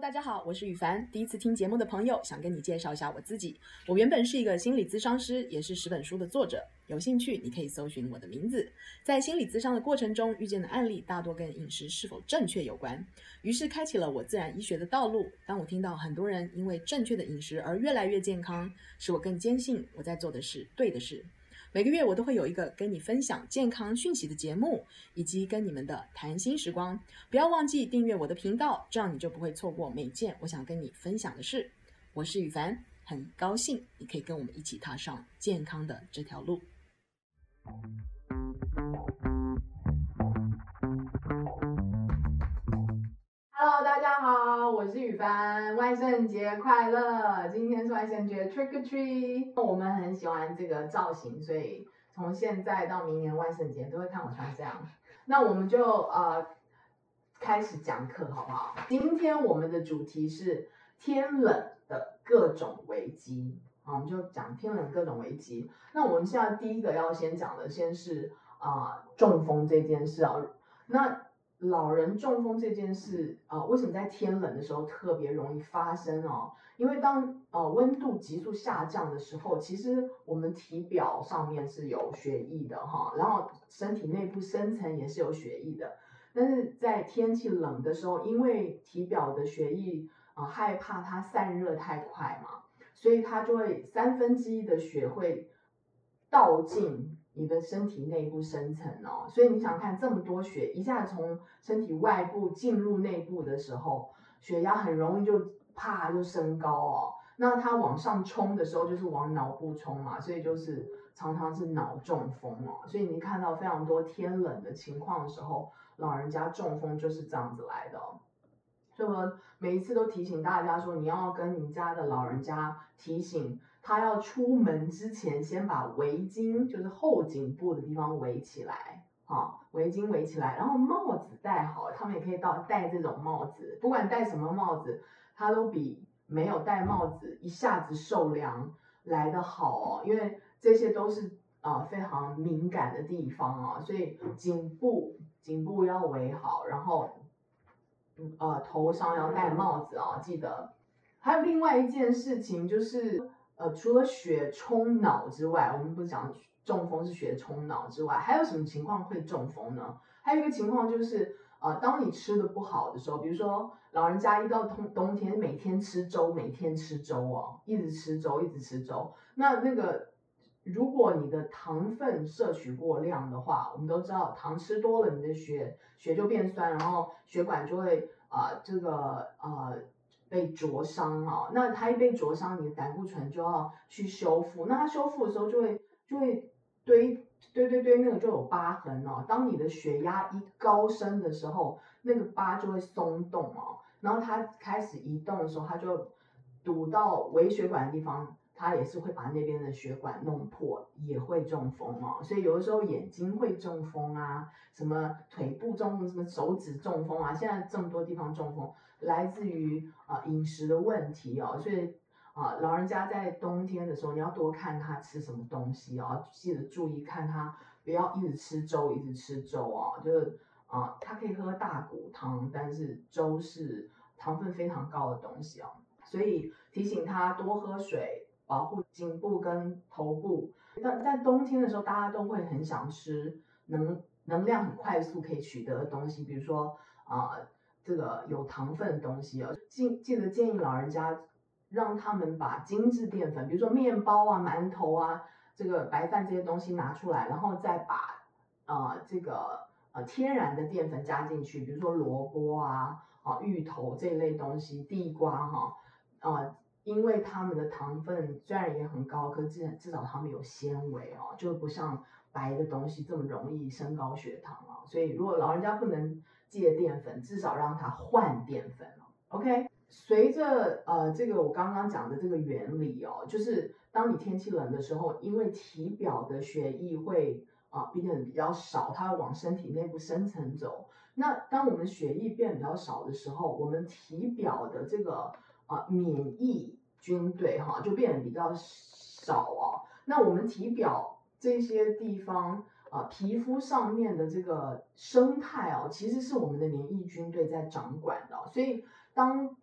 大家好，我是宇凡。第一次聽節目的朋友，想跟你介紹一下我自己。我原本是一個心理諮商師，也是十本書的作者。有興趣，你可以搜尋我的名字。在心理諮商的過程中，遇見的案例大多跟飲食是否正確有關，於是開啟了我自然醫學的道路。當我聽到很多人因為正確的飲食而越來越健康，使我更堅信我在做的是對的事。每個月我都會有一個跟你分享健康訊息的節目，以及跟你們的談心時光。不要忘記訂閱我的頻道，這樣你就不會錯過每件我想跟你分享的事。我是宇凡，很高興你可以跟我們一起踏上健康的這條路。Hello，大家好，我是宇凡，萬聖節快樂！今天是萬聖節，Trick or Treat，我們很喜歡這個造型，所以從現在到明年萬聖節都會看我穿這樣。那我們就呃開始講課好不好？今天我們的主題是天冷的各種危機啊，我們就講天冷的各種危機。那我們現在第一個要先講的，先是啊、呃、中風這件事啊，那。老人中風這件事啊、呃，為什麼在天冷的時候特別容易發生哦？因為當呃溫度急速下降的時候，其實我們體表上面是有血液的哈、哦，然後身體內部深層也是有血液的，但是在天氣冷的時候，因為體表的血液啊、呃、害怕它散熱太快嘛，所以它就會三分之一的血會倒進。你的身體內部深層哦，所以你想看這麼多血一下子從身體外部進入內部的時候，血壓很容易就啪就升高哦。那它往上衝的時候就是往腦部衝嘛，所以就是常常是腦中風哦。所以你看到非常多天冷的情況的時候，老人家中風就是這樣子來的哦。所以我每一次都提醒大家說，你要跟你家的老人家提醒，他要出門之前，先把圍巾就是後頸部的地方圍起來，啊，圍巾圍起來，然後帽子戴好。他們也可以到戴這種帽子，不管戴什麼帽子，它都比沒有戴帽子一下子受涼來得好、哦，因為這些都是啊、呃、非常敏感的地方啊、哦，所以頸部頸部要圍好，然後，呃，頭上要戴帽子啊、哦，記得。還有另外一件事情就是。呃，除了血衝腦之外，我們不講中風是血衝腦之外，還有什麼情況會中風呢？還有一個情況就是，呃，當你吃得不好的時候，比如說老人家一到冬冬天，每天吃粥，每天吃粥啊、哦，一直吃粥，一直吃粥。那那個，如果你的糖分攝取過量的話，我們都知道糖吃多了你，你的血血就變酸，然後血管就會啊、呃，這個呃。被灼傷哦，那它一被灼傷，你的膽固醇就要去修復，那它修復的時候就會就會堆堆堆堆，那個就有疤痕哦。當你的血壓一高升的時候，那個疤就會鬆動哦，然後它開始移動的時候，它就堵到微血管的地方，它也是會把那邊的血管弄破，也會中風哦。所以有的時候眼睛會中風啊，什麼腿部中風，什麼手指中風啊，現在這麼多地方中風。來自於啊、呃、飲食的問題哦，所以啊、呃、老人家在冬天的時候，你要多看他吃什麼東西哦，記得注意看他不要一直吃粥，一直吃粥啊、哦，就是啊、呃、他可以喝大骨湯，但是粥是糖分非常高的東西哦，所以提醒他多喝水，保護頸部跟頭部。但在冬天的時候，大家都會很想吃能能量很快速可以取得的東西，比如說啊。呃這個有糖分的東西啊、哦，記記得建議老人家，讓他們把精製澱粉，比如說麵包啊、饅頭啊、這個白飯這些東西拿出來，然後再把，呃，這個呃天然的澱粉加進去，比如說蘿蔔啊、啊芋頭這一類東西、地瓜哈、啊，啊，因為它們的糖分雖然也很高，可是至少它們有纖維哦，就不像白的東西這麼容易升高血糖啊、哦。所以如果老人家不能。借澱粉，至少讓它換澱粉 OK，隨着呃這個我剛剛講的這個原理哦，就是當你天氣冷的時候，因為體表的血液會啊、呃、變得比較少，它會往身體內部深層走。那當我們血液變得比較少的時候，我們體表的這個啊、呃、免疫軍隊哈、呃、就變得比較少哦。那我們體表這些地方。啊，皮膚上面的這個生態哦，其實是我們的免疫軍隊在掌管的、哦。所以，當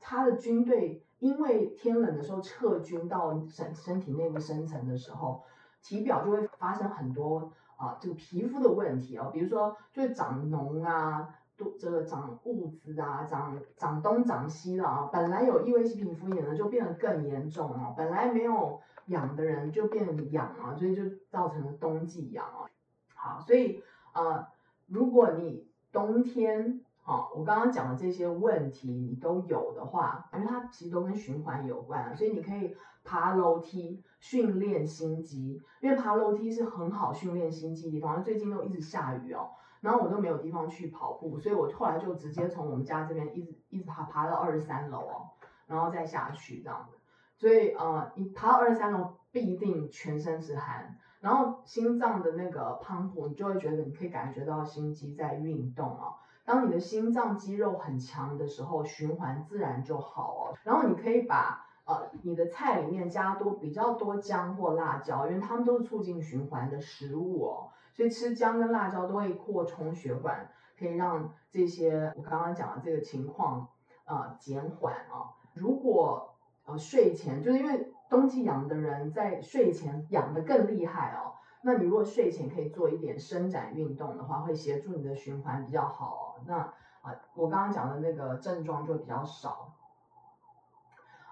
他的軍隊因為天冷的時候撤軍到身身體內部深層的時候，體表就會發生很多啊，這個皮膚的問題哦，比如說就是長膿啊，都這個長痦子啊，長啊長，長東長西的啊、哦，本來有異位性皮膚炎的就變得更嚴重了、哦，本來沒有。癢的人就變癢啊，所以就造成了冬季癢啊。好，所以呃，如果你冬天哈，哦，我剛剛講的這些問題你都有的話，因為它其實都跟循環有關啊，所以你可以爬樓梯訓練心肌，因為爬樓梯是很好訓練心肌的地方。最近都一直下雨哦，然後我都沒有地方去跑步，所以我後來就直接從我們家這邊一直一直爬爬到二十三樓哦，然後再下去這樣子。所以，呃，你爬到二三樓必定全身是汗，然後心臟的那個 p u 你就會覺得你可以感覺到心肌在運動哦。當你的心臟肌肉很強的時候，循環自然就好哦。然後你可以把，呃，你的菜裡面加多比較多薑或辣椒，因為它們都是促進循環的食物哦。所以吃薑跟辣椒都會擴充血管，可以讓這些我剛剛講的這個情況，呃，減緩啊、哦。如果哦、睡前就是因為冬季癢的人在睡前癢得更厲害哦。那你如果睡前可以做一點伸展運動的話，會協助你的循環比較好，哦。那啊，我剛剛講的那個症狀就比較少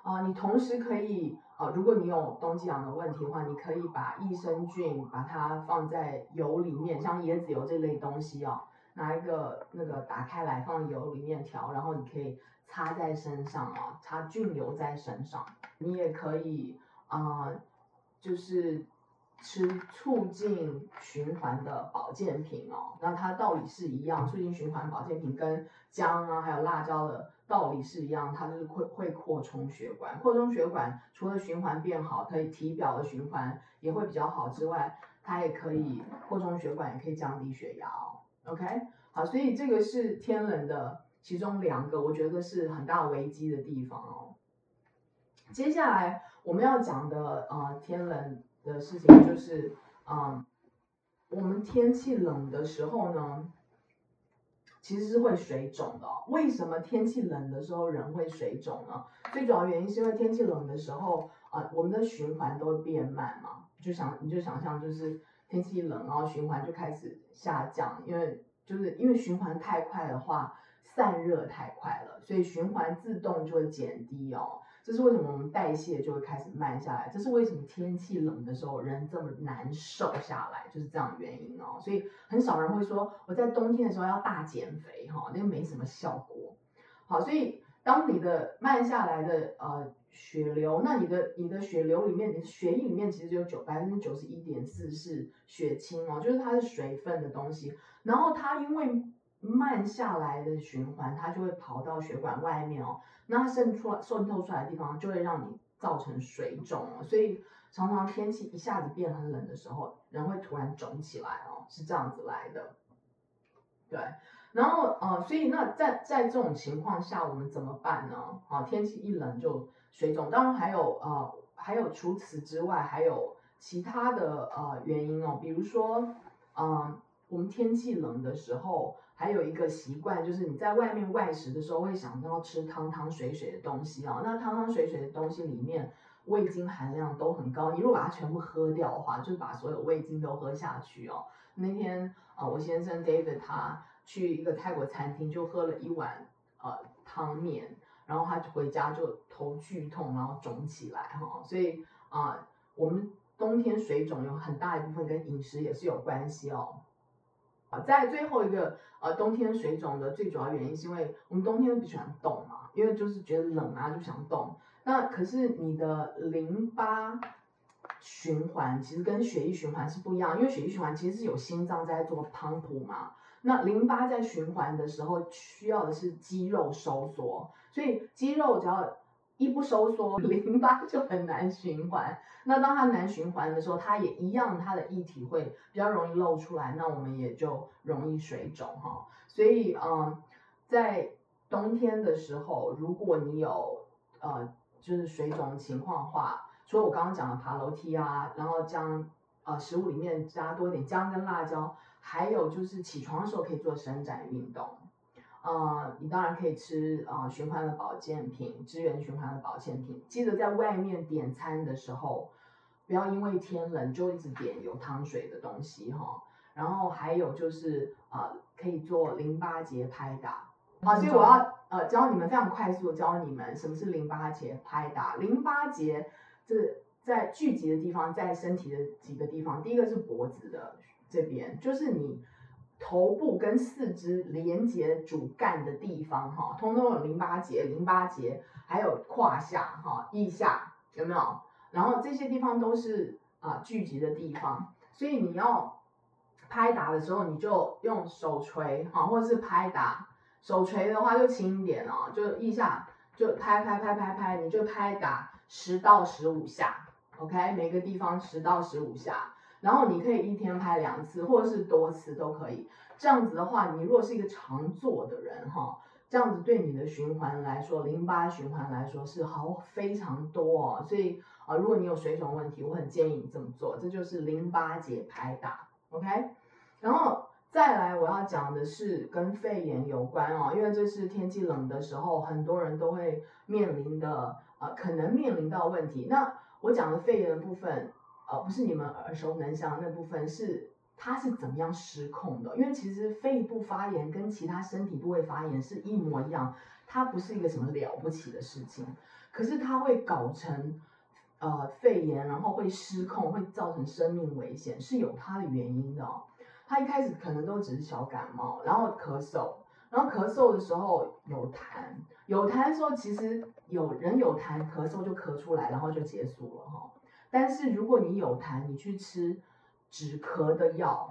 啊。你同時可以啊，如果你有冬季癢的問題的話，你可以把益生菌把它放在油裡面，像椰子油這類東西哦。拿一個那個打開來放油裡面調，然後你可以擦在身上啊、哦，擦菌油在身上。你也可以啊、呃，就是吃促進循環的保健品哦。那它道理是一樣，促進循環保健品跟薑啊還有辣椒的道理是一樣，它就是會會擴充血管。擴充血管除了循環變好，可以體表的循環也會比較好之外，它也可以擴充血管，也可以降低血壓哦。OK，好，所以這個是天冷的其中兩個，我覺得是很大危機的地方哦。接下來我們要講的啊、呃，天冷的事情就是嗯、呃、我們天氣冷的時候呢，其實是會水腫的、哦。為什麼天氣冷的時候人會水腫呢？最主要原因是，因為天氣冷的時候啊、呃，我們的循環都會變慢嘛。就想，你就想象就是。天氣冷哦，然後循環就開始下降，因為就是因為循環太快的話，散熱太快了，所以循環自動就會減低哦。這是為什麼我們代謝就會開始慢下來，這是為什麼天氣冷的時候人這麼難瘦下來，就是這樣的原因哦。所以很少人會說，我在冬天的時候要大減肥哈、哦，那沒什麼效果。好，所以當你的慢下來的呃。血流，那你的你的血流裡面，你的血液裡面其實就有九百分之九十一點四是血清哦、喔，就是它是水分的東西，然後它因為慢下來的循環，它就會跑到血管外面哦、喔，那滲出滲透出來的地方就會讓你造成水腫、喔，所以常常天氣一下子變很冷的時候，人會突然腫起來哦、喔，是這樣子來的。對，然後呃，所以那在在這種情況下，我們怎麼辦呢？啊，天氣一冷就水腫，當然還有呃，還有除此之外，還有其他的呃原因哦，比如說，嗯、呃，我們天氣冷的時候，還有一個習慣就是你在外面外食的時候會想到吃湯湯水水的東西啊、哦，那湯湯水水的東西裡面味精含量都很高，你如果把它全部喝掉的話，就把所有味精都喝下去哦。那天啊、哦，我先生 David 他去一個泰國餐廳，就喝了一碗呃湯麵，然後他回家就頭劇痛，然後腫起來哈、哦。所以啊、呃，我們冬天水腫有很大一部分跟飲食也是有關係哦。啊，再最後一個、呃、冬天水腫的最主要原因是因為我們冬天不喜歡動嘛、啊，因為就是覺得冷啊，就不想動。那可是你的淋巴。循環其實跟血液循環是不一樣，因為血液循環其實是有心臟在做 pump 嘛，那淋巴在循環的時候需要的是肌肉收縮，所以肌肉只要一不收縮，淋巴就很難循環。那當它難循環的時候，它也一樣，它的液體會比較容易漏出來，那我們也就容易水腫哈。所以，嗯，在冬天的時候，如果你有呃、嗯、就是水腫情況的話，所以我剛剛講了爬樓梯啊，然後薑、呃，食物裡面加多點薑跟辣椒，還有就是起床的時候可以做伸展運動，嗯、呃，你當然可以吃呃循環的保健品，支援循環的保健品。記得在外面點餐的時候，不要因為天冷就一直點有湯水的東西哈、哦。然後還有就是呃可以做淋巴結拍打好、啊、所以我要呃教你們非常快速教你們什麼是淋巴結拍打，淋巴結是在聚集的地方，在身體的幾個地方，第一個是脖子的這邊，就是你頭部跟四肢連接主幹的地方，哈、哦，通通有淋巴結，淋巴結還有胯下，哈、哦，腋下有沒有？然後這些地方都是啊、呃、聚集的地方，所以你要拍打的時候，你就用手錘、哦、或者是拍打，手錘的話就輕一點哦，就腋下就拍拍拍拍拍，你就拍打。十到十五下，OK，每個地方十到十五下，然後你可以一天拍兩次，或者是多次都可以。這樣子的話，你如果是一個常做的人哈、哦，這樣子對你的循環來說，淋巴循環來說是好非常多哦。所以啊、呃，如果你有水腫問題，我很建議你這麼做，這就是淋巴結拍打，OK，然後。再來，我要講的是跟肺炎有關哦，因為這是天氣冷的時候，很多人都會面臨的，呃，可能面臨到問題。那我講的肺炎的部分，呃，不是你們耳熟能詳的那部分，是它是怎麼樣失控的？因為其實肺部發炎跟其他身體部位發炎是一模一樣，它不是一個什麼了不起的事情，可是它會搞成呃肺炎，然後會失控，會造成生命危險，是有它的原因的哦。他一開始可能都只是小感冒，然後咳嗽，然後咳嗽的時候有痰，有痰的時候其實有人有痰咳嗽就咳出來，然後就結束了哈。但是如果你有痰，你去吃止咳的藥，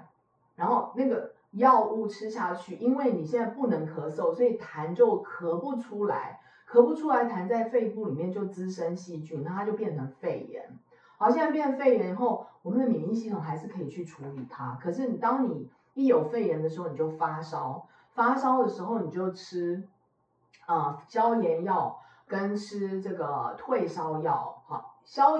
然後那個藥物吃下去，因為你現在不能咳嗽，所以痰就咳不出來，咳不出來，痰在肺部裡面就滋生細菌，然後它就變成肺炎。好，現在變肺炎以後，我們的免疫系統還是可以去處理它。可是你當你一有肺炎的時候，你就發燒，發燒的時候你就吃，啊、嗯，消炎藥跟吃這個退燒藥。好，消，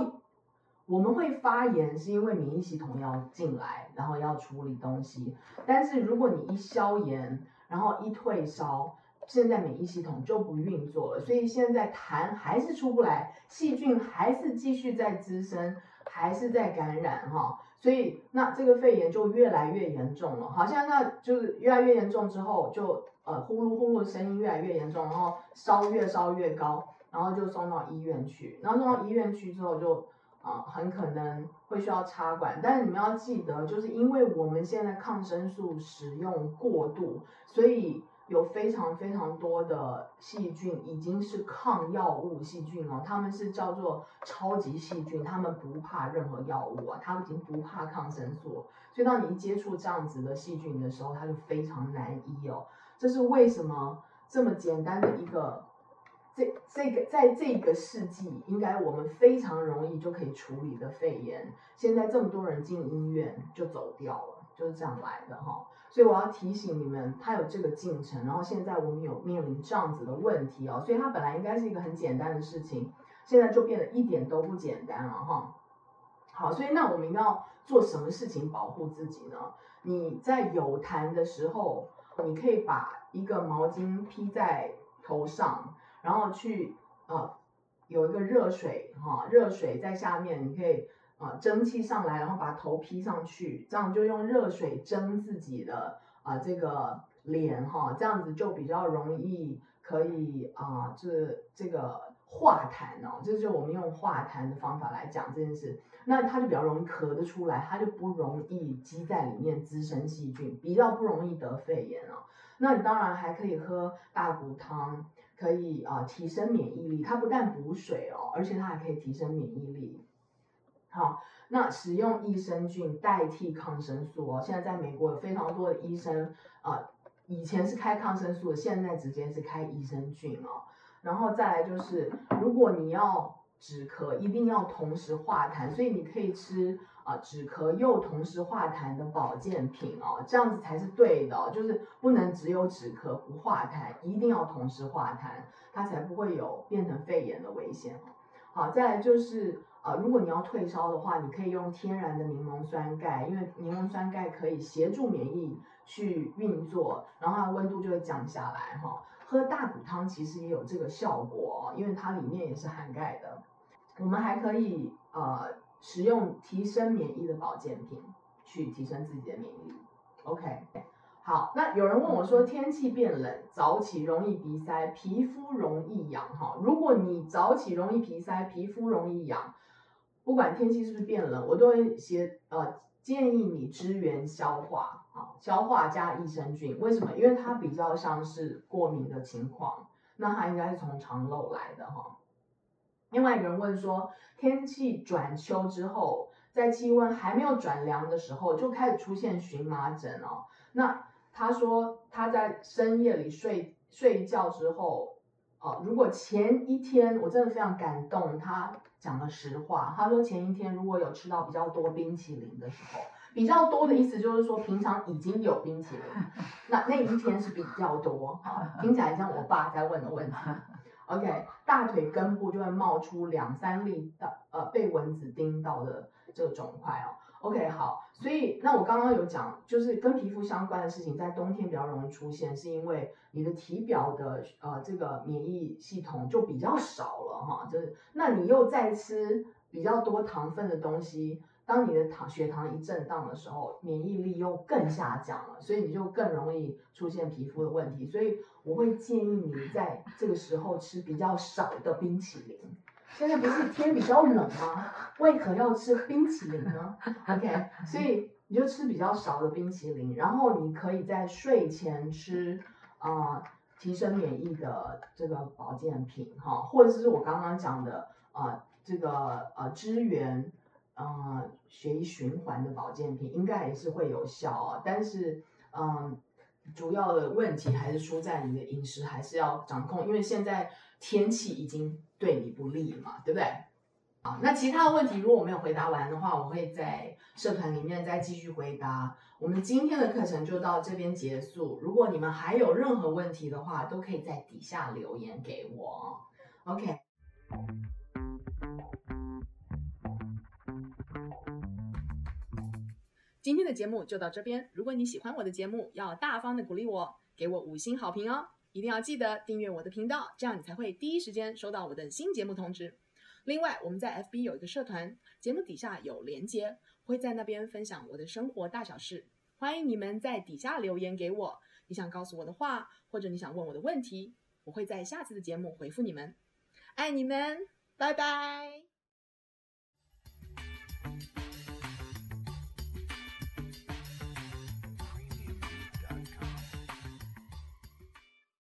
我們會發炎是因為免疫系統要進來，然後要處理東西。但是如果你一消炎，然後一退燒。現在免疫系統就不運作了，所以現在痰還是出不來，細菌還是繼續在滋生，還是在感染哈、哦，所以那這個肺炎就越來越嚴重了。好像那就是越來越嚴重之後，就呃呼嚕呼嚕的聲音越來越嚴重，然後燒越燒越高，然後就送到醫院去，然後送到醫院去之後就啊、呃、很可能會需要插管，但是你們要記得，就是因為我們現在抗生素使用過度，所以。有非常非常多的細菌已經是抗藥物細菌了，他們是叫做超級細菌，他們不怕任何藥物啊，他們已經不怕抗生素，所以當你接觸這樣子的細菌的時候，它就非常難醫哦。這是為什麼這麼簡單的一個，這這個在這個世紀應該我們非常容易就可以處理的肺炎，現在這麼多人進醫院就走掉了。就是這樣來的哈，所以我要提醒你們，它有這個進程，然後現在我們有面臨這樣子的問題哦，所以它本來應該是一個很簡單的事情，現在就變得一點都不簡單了哈。好，所以那我們要做什麼事情保護自己呢？你在有痰的時候，你可以把一個毛巾披在頭上，然後去啊、呃、有一個熱水哈，熱水在下面，你可以。啊，蒸汽上來，然後把頭披上去，這樣就用熱水蒸自己的啊、呃、這個臉哈、哦，這樣子就比較容易可以啊，這、呃、這個化痰哦，這就是我們用化痰的方法來講這件事，那它就比較容易咳得出來，它就不容易積在裡面滋生細菌，比較不容易得肺炎哦。那你當然還可以喝大骨湯，可以啊、呃、提升免疫力，它不但補水哦，而且它還可以提升免疫力。好，那使用益生菌代替抗生素哦。現在在美國有非常多的醫生，呃，以前是開抗生素，現在直接是開益生菌哦。然後再來就是，如果你要止咳，一定要同時化痰，所以你可以吃啊，呃，止咳又同時化痰的保健品哦，這樣子才是對的哦，就是不能只有止咳不化痰，一定要同時化痰，它才不會有變成肺炎的危險哦。好，再來就是。啊、呃，如果你要退燒的話，你可以用天然的檸檬酸鈣，因為檸檬酸鈣可以協助免疫去運作，然後它的溫度就會降下來哈、哦。喝大骨湯其實也有這個效果哦，因為它裡面也是含鈣的。我們還可以呃使用提升免疫的保健品去提升自己的免疫力。OK，好，那有人問我說天氣變冷，早起容易鼻塞，皮膚容易癢哈、哦。如果你早起容易鼻塞，皮膚容易癢。不管天氣是不是變冷，我都會寫呃建議你支援消化啊、哦，消化加益生菌，為什麼？因為它比較像是過敏的情況，那它應該是從腸漏來的哈、哦。另外一個人問說，天氣轉秋之後，在氣溫還沒有轉涼的時候就開始出現蕁麻疹哦。那他說他在深夜裡睡睡覺之後啊、哦，如果前一天，我真的非常感動他。講了實話，他說前一天如果有吃到比較多冰淇淋的時候，比較多的意思就是說平常已經有冰淇淋，那那一天是比較多，聽起來像我爸在問的問題。OK，大腿根部就會冒出兩三粒的呃被蚊子叮到的這個腫塊哦。OK，好，所以那我剛剛有講，就是跟皮膚相關的事情，在冬天比較容易出現，是因為你的體表的呃這個免疫系統就比較少了哈，就是那你又在吃比較多糖分的東西，當你的糖血糖一震盪的時候，免疫力又更下降了，所以你就更容易出現皮膚的問題，所以我會建議你在這個時候吃比較少的冰淇淋。現在不是天比較冷嗎？為何要吃冰淇淋呢？OK，所以你就吃比較少的冰淇淋，然後你可以在睡前吃，啊、呃，提升免疫的這個保健品哈，或者是我剛剛講的啊、呃，這個呃，支援啊、呃、血液循環的保健品，應該也是會有效、啊。但是嗯、呃，主要的問題還是出在你的飲食還是要掌控，因為現在天氣已經。對你不利嘛，對不對？那其他的問題如果我沒有回答完的話，我會在社團裡面再繼續回答。我們今天的課程就到這邊結束。如果你們還有任何問題的話，都可以在底下留言給我。OK，今天的節目就到這邊。如果你喜歡我的節目，要大方的鼓勵我，給我五星好評哦。一定要記得訂閱我的頻道，這樣你才會第一時間收到我的新節目通知。另外，我們在 FB 有一個社團，節目底下有連接，我會在那邊分享我的生活大小事。歡迎你們在底下留言給我，你想告訴我的話，或者你想問我的問題，我會在下次的節目回復你們。愛你們，拜拜。